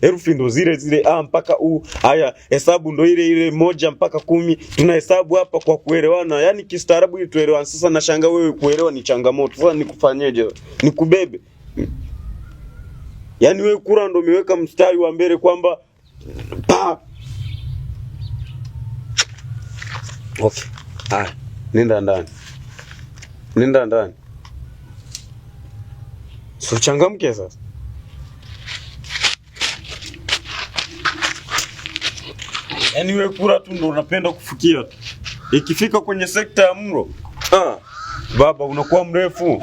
Herufi ndo zile zile a mpaka u. Haya, hesabu ndo ile ile moja mpaka kumi. Tunahesabu hapa kwa kuelewana, yaani kistaarabu ili tuelewane. Sasa nashanga wewe kuelewa ni changamoto. Sasa nikufanyeje? Nikubebe? Yani wewe kura ndo umeweka mstari wa mbele kwamba pa. Okay. Haya, nenda ndani, nenda ndani, so changamke sasa. yani wewe kura tu ndo unapenda kufukia tu. Ikifika kwenye sekta ya mlo, ah, baba unakuwa mrefu.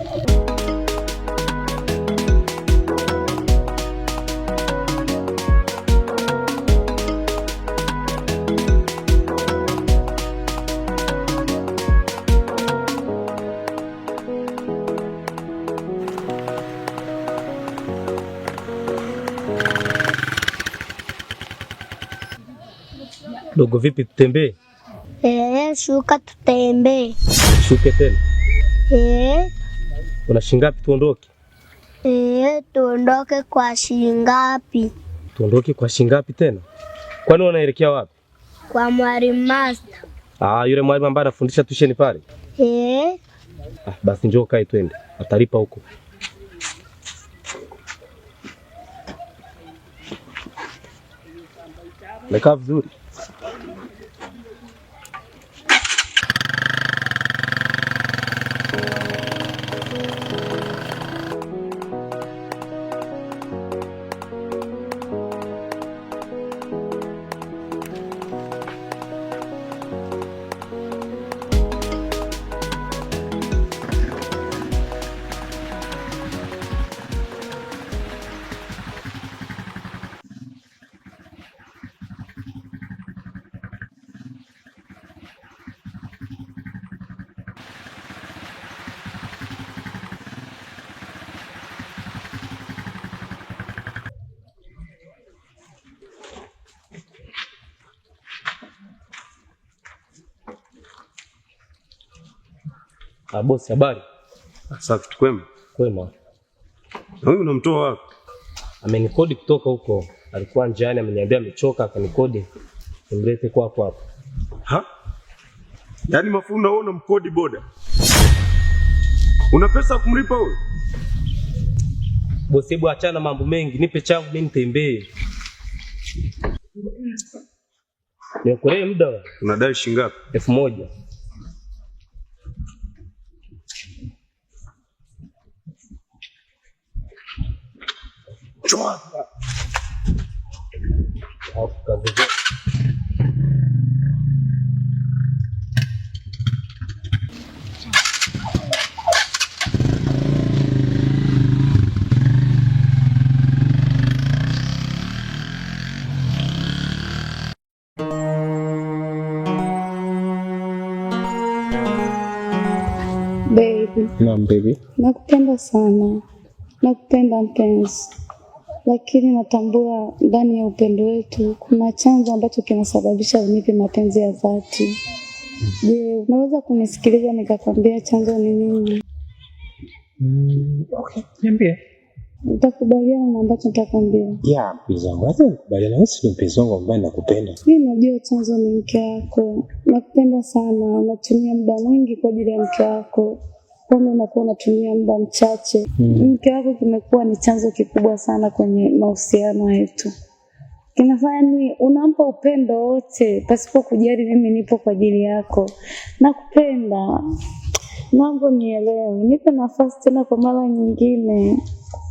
Kidogo vipi, tutembee? Eh, shuka tutembee. Shuke tena? Eh. Una shingapi tuondoke? Eh, tuondoke kwa shingapi? Tuondoke kwa shingapi tena? Kwani unaelekea wapi? Kwa mwalimu Master. Ah, yule mwalimu ambaye anafundisha tusheni pale? Eh. Ah, basi njoo kae twende. Atalipa huko. Mekaa vizuri. Ah, bosi habari? Safi tu kwema. Kwema. Na huyu unamtoa wapi? Amenikodi kutoka huko. Alikuwa njiani ameniambia amechoka akanikodi. Nimlete kwako hapo. Ha? Yaani mafundi wao na mkodi boda? Una pesa kumlipa huyo? Bosi, hebu achana mambo mengi, nipe changu mimi nitembee. Nikulee muda. Unadai shilingi ngapi? 1000. Baby. Não, baby. Não tem bastante, não. Não tem bastante. lakini natambua ndani ya upendo wetu kuna chanzo ambacho kinasababisha unipe mapenzi ya dhati. Je, unaweza kunisikiliza nikakwambia chanzo ni nini? Mm, okay, niambie. na ambacho nitakwambia. Yeah, mpenzi wangu, hata nikubaliana wewe si mpenzi wangu ambaye nakupenda. Mimi najua chanzo ni mke wako. Nakupenda sana, natumia muda mwingi kwa ajili ya mke wako kwani unakuwa unatumia muda mchache. Mm. Mke wako kimekuwa ni chanzo kikubwa sana kwenye mahusiano yetu, kinafanya ni unampa upendo wote pasipo kujali, mimi nipo kwa ajili yako, nakupenda, mambo nielewe, nipe nafasi tena kwa mara nyingine.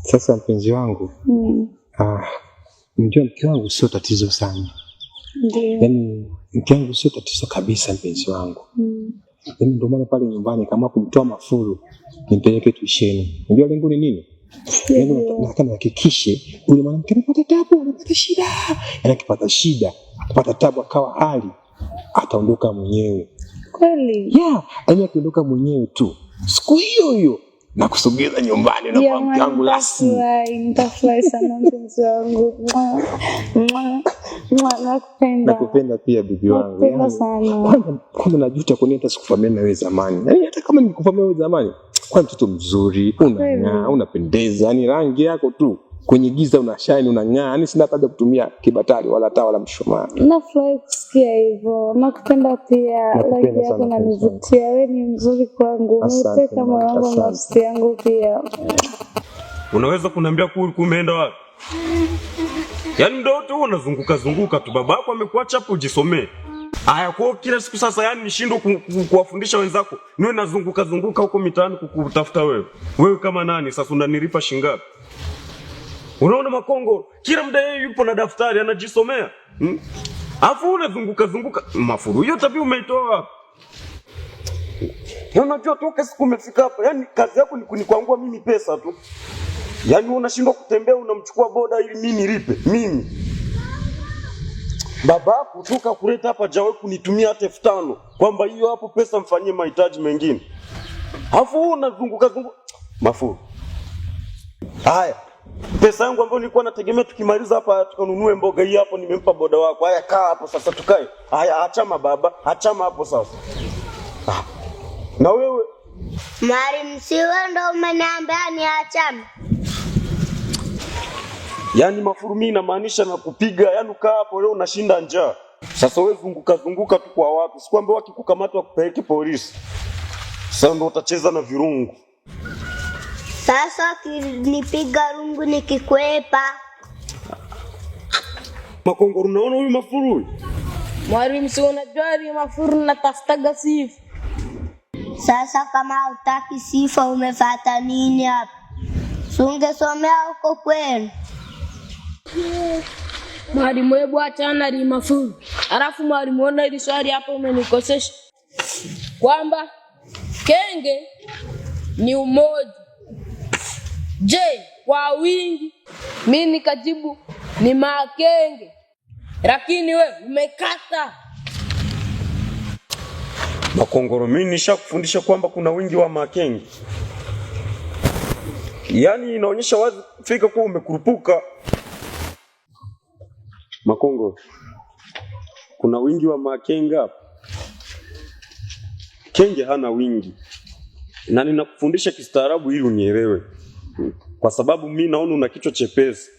Sasa mpenzi wangu, mm. ah, mjua mke wangu sio tatizo sana, yani mke wangu sio tatizo kabisa, mpenzi wangu mm. Yaani ndio maana pale nyumbani kama kumtoa mafuru nimpeleke tuisheni. Unajua lengo ni nini? Lengo nataka nihakikishe yule mwanamke anapata tabu, anapata shida. Yaani akipata shida, kupata tabu akawa hali ataondoka mwenyewe. Kweli? Yeah, yaani akiondoka mwenyewe tu. Siku hiyo hiyo na kusogeza nyumbani na kwa mke wangu rasmi. Nitafurahi sana mpenzi wangu nakupenda pia bibi wangu, yaani, kwanza najuta kwa nini hata sikuvamia na wewe zamani. Yaani hata kama nikuvamia wewe zamani, kwa mtoto mzuri, unang'aa, unapendeza, yaani rangi yako tu kwenye giza unashine, unang'aa, yaani sina kutumia kibatari wala taa wala mshumaa. Nafurahi kusikia hivyo, nakupenda pia, rangi yako nanivutia, wewe ni mzuri kwangu, umeteka moyo wangu, nafsi yangu pia. Unaweza kuniambia kuu kumeenda wapi? Yaani ndio tu unazunguka zunguka tu, babako amekuacha hapo ujisomee. Aya, kwa kila siku sasa, yani nishindwe kuwafundisha wenzako niwe nazunguka zunguka huko mitaani kukutafuta wewe. Wewe kama nani sasa, unanilipa shingapi? Unaona Makongo kila muda yeye yupo na daftari anajisomea, hmm? Afu unazunguka zunguka mafuru, hiyo tabia umeitoa wapi? Unajua toka siku umefika hapa, yani kazi yako ni kunikwangua mimi pesa tu. Yaani unashindwa kutembea unamchukua boda ili mimi nilipe. Mimi. Baba kutoka kuleta hapa jawe kunitumia hata elfu tano kwamba hiyo hapo pesa mfanyie mahitaji mengine. Alafu Hafu unazunguka zungu mafuru. Haya. Pesa yangu ambayo nilikuwa nategemea tukimaliza hapa tukanunue mboga hii hapo nimempa boda wako. Haya kaa hapo sasa tukae. Haya achama baba, achama hapo sasa. Ha. Ah. Na wewe Mwalimu, siwe ndo umeniambia niachame. Yaani mafurumi inamaanisha na kupiga, yaani ukaa hapo leo unashinda njaa. Sasa wewe zunguka zunguka tu kwa watu. Sikwambia wakikukamata wakupeleke polisi. Sasa ndio utacheza na virungu. Sasa kinipiga rungu nikikwepa. Makongo unaona huyu mafuru? Mwalimu si unajua ni mafuru na tastaga sifa. Sasa kama hutaki sifa umefata nini hapa? Sungesomea huko kwenu. Mwalimu, hebu achana limafuru. Alafu mwalimu, ona hili swali hapo umenikosesha kwamba kenge ni umoja, je kwa wingi? Mi nikajibu ni makenge, lakini we umekata Makongoro. Mi nishakufundisha kwamba kuna wingi wa makenge, yaani inaonyesha wazi fika kuwa umekurupuka. Makongo, kuna wingi wa Makenga. Kenge hana wingi, na ninakufundisha kistaarabu ili unielewe, kwa sababu mi naona una kichwa chepesi,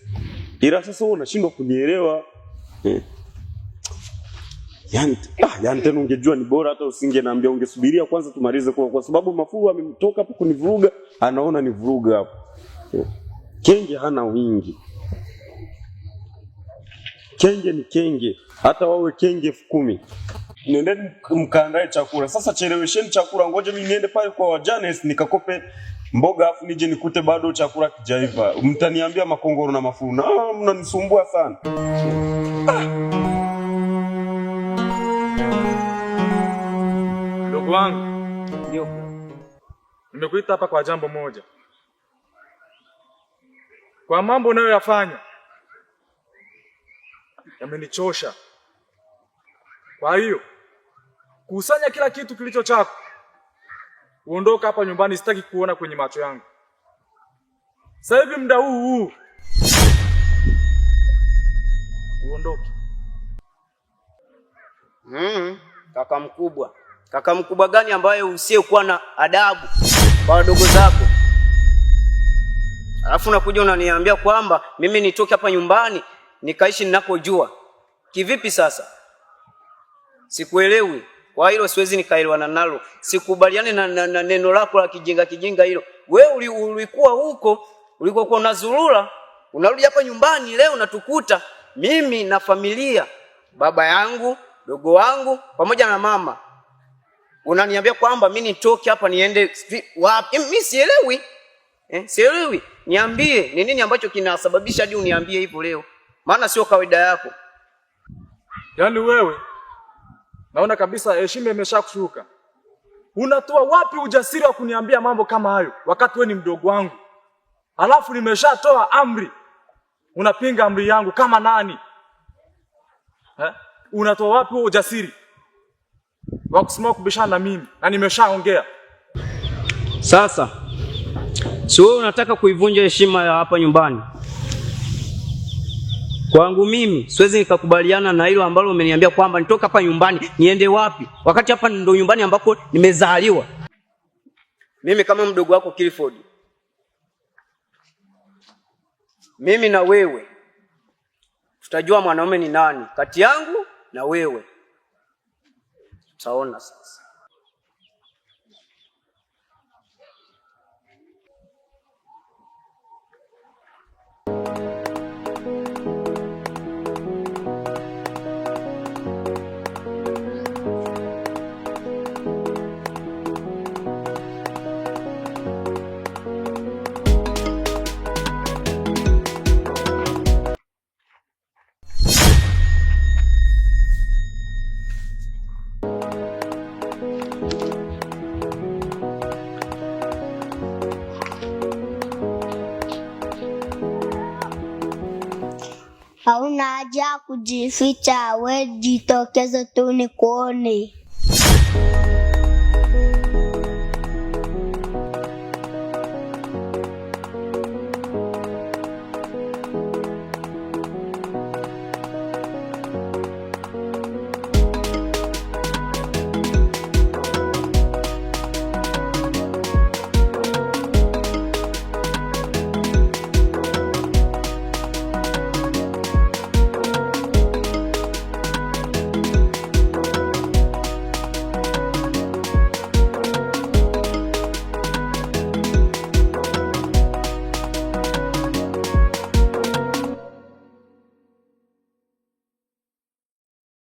ila sasa wewe unashindwa kunielewa Yani, ah, yani tena ungejua ni bora hata usingeniambia, ungesubiria kwanza tumalize kwa, kwa sababu mafuru amemtoka hapo kunivuruga, anaona nivuruga hapo. Kenge hana wingi. Kenge ni kenge, hata wawe kenge elfu kumi. Nendeni mkaandae chakula. Sasa chelewesheni chakula, ngoje mimi niende pale kwa wajanes nikakope mboga afu nije nikute bado chakula kijaiva. Mtaniambia makongoro na mafuna. Ah, mnanisumbua sana. Ndugu wangu, ndio. Nimekuita hapa kwa jambo moja. Kwa mambo unayoyafanya yamenichosha. Kwa hiyo kusanya kila kitu kilicho chako, uondoka hapa nyumbani, sitaki kuona kwenye macho yangu. Sasa hivi muda huu huu uondoke. Mm, kaka mkubwa. Kaka mkubwa gani ambaye usiyekuwa na adabu kwa wadogo zako? Alafu unakuja unaniambia kwamba mimi nitoke hapa nyumbani nikaishi ninakojua. Kivipi sasa? Sikuelewi. Kwa hilo siwezi nikaelewana nalo, sikubaliane na, na, na neno lako la kijinga kijinga hilo. We ulikuwa huko ulikokuwa unazurura, unarudi hapa nyumbani leo natukuta mimi na familia, baba yangu, dogo wangu pamoja na mama, unaniambia kwamba mimi nitoke hapa niende wapi? Mimi sielewi eh, sielewi. Niambie ni nini ambacho kinasababisha hadi uniambie hivyo leo maana sio kawaida yako. Yaani wewe naona kabisa heshima imeshakushuka. Unatoa wapi ujasiri wa kuniambia mambo kama hayo wakati wewe ni mdogo wangu? Alafu nimeshatoa amri, unapinga amri yangu kama nani eh? Unatoa wapi huo ujasiri wa kusimama kubishana na mimi, na nimeshaongea sasa. Si wewe unataka kuivunja heshima ya hapa nyumbani Kwangu mimi siwezi nikakubaliana na hilo ambalo umeniambia kwamba nitoka hapa nyumbani niende wapi, wakati hapa ndo nyumbani ambako nimezaliwa. Mimi kama mdogo wako Clifford, mimi na wewe tutajua mwanaume ni nani kati yangu na wewe, tutaona sasa. kujificha, we jitokeze tu nikuone.